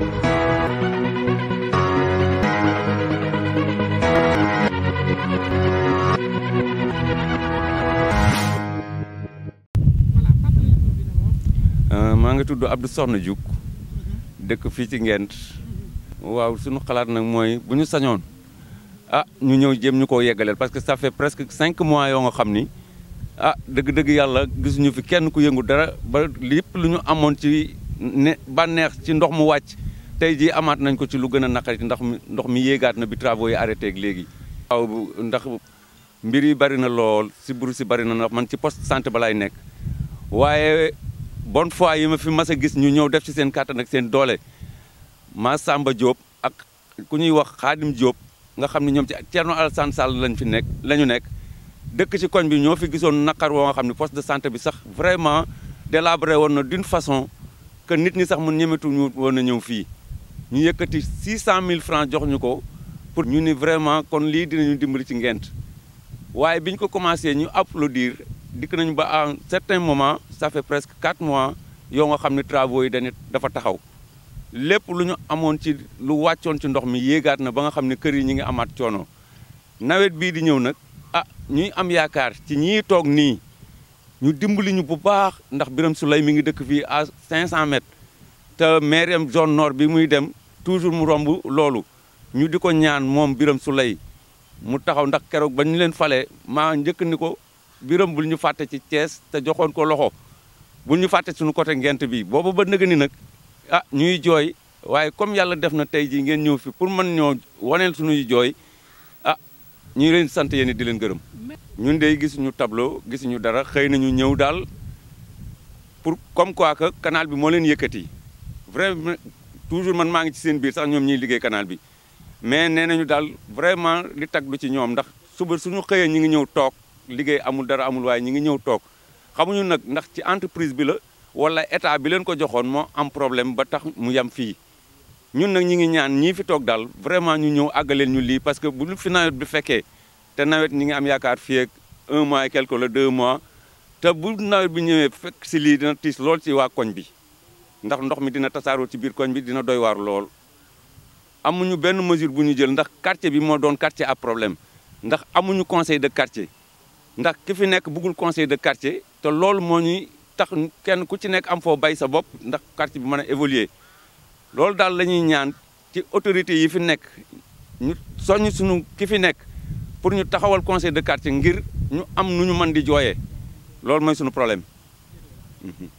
Euh, maa ngi tudd ab Abdou Soxna Diouk dëkk fii ci Ngent waaw suñu xalaat nag mooy bu ñu sañoon ah ñu ñëw jëm ñu koo yeggaleel parce que ça fait presque cinq mois yoo nga xam ni a ah, dëgg-dëgg yàlla gisuñu fi kenn ku yëngu dara ba lépp lu ñu amoon ci ne bànneex ci ndox mu wàcc tey jii amaat nañ ko ci lu gën a naqari ndax mi ndox mi yéegaat na bi travaux yi arrêté ak léegi. waaw ndax mbir yi bari na lool si buru si bari na ndax man ci poste sant ba laay nekk waaye bon fois yi ma fi mas a gis ñu ñëw def ci seen kàttan ak seen doole ma sàmba Diop ak ku ñuy wax Xaadim Diop nga xam ni ñoom ci ak Thierno Alassane Sall lañ fi nekk la ñu nekk. dëkk ci koñ bi ñoo fi gisoon naqar woo nga xam ne poste de sant bi sax vraiment délabré woon na d'une façon que nit ñi sax mun ñemetu ñu ñëw fii. ñu yëkkati 600000 francs jox ñu ko pour ñu ni vraiment kon lii dinañu dimbali ci ngent waaye bi ñu ko commencé ñu applaudir dikk nañu ba à un certain moment ça presque 4 mois yoo nga xam ne travaux yi dañu dafa taxaw lépp lu ñu amoon ci lu wàccoon ci ndox mi yéegaat na ba nga xam ne kër yi ñu ngi amaat coono nawet bii di ñëw nag ah ñuy am yaakaar ci ñii toog nii ñu dimbali ñu bu baax ndax biram sulay mi ngi dëkk fii à 500 mètres. te maire am zone nord bi muy dem toujours mu romb loolu ñu di ko ñaan moom biram sulay mu taxaw ndax keroog ba ñu leen fale maa njëkk ni ko biram bul ñu fàtte ci Thiès te joxoon ko loxo bul ñu fàtte suñu côté ngent bi boobu ba nëga ni nag ah ñuy jooy waaye comme yàlla def na tey jii ngeen ñëw fi pour mën ñoo waneel suñuy jooy ah ñu leen sant yéen di leen gërëm ñun dey gisuñu tableau gisuñu dara xëy nañu ñëw daal pour comme quoi que kanaal bi moo leen yëkkati vraiment toujours man maa ngi ci seen biir sax ñoom ñuy liggéey canal bi mais nee nañu daal vraiment li tag du ci ñoom ndax suba suñu xëyee ñi ngi ñëw toog liggéey amul dara amul waaye ñi ngi ñëw toog xamuñu nag ndax ci entreprise bi la wala état bi leen ko joxoon moo am problème ba tax mu yam fii ñun nag ñi ngi ñaan ñii fi toog daal vraiment ñu ñëw àggaleel ñu lii parce que bu fi nawet bi fekkee te nawet ñi ngi am yaakaar fii ak un mois et deux mois te bu nawet bi ñëwee fekk si lii dina tiis lool bi ndax ndox mi dina tasaaroo ci biir koñ bi dina doy waar lool amuñu benn mesure bu ñu jël ndax quartier bi moo doon quartier à problème ndax amuñu conseil de quartier ndax ki fi nekk bëggul conseil de quartier te loolu moo ñuy tax kenn ku ci nekk am foo bay sa bopp ndax quartier bi mën a évoluer loolu daal lañuy ñaan ci autorités yi fi nekk ñu soññ suñu ki fi nekk pour ñu taxawal conseil de quartier ngir ñu am nu ñu mën di jooyee loolu mooy suñu problème mhm.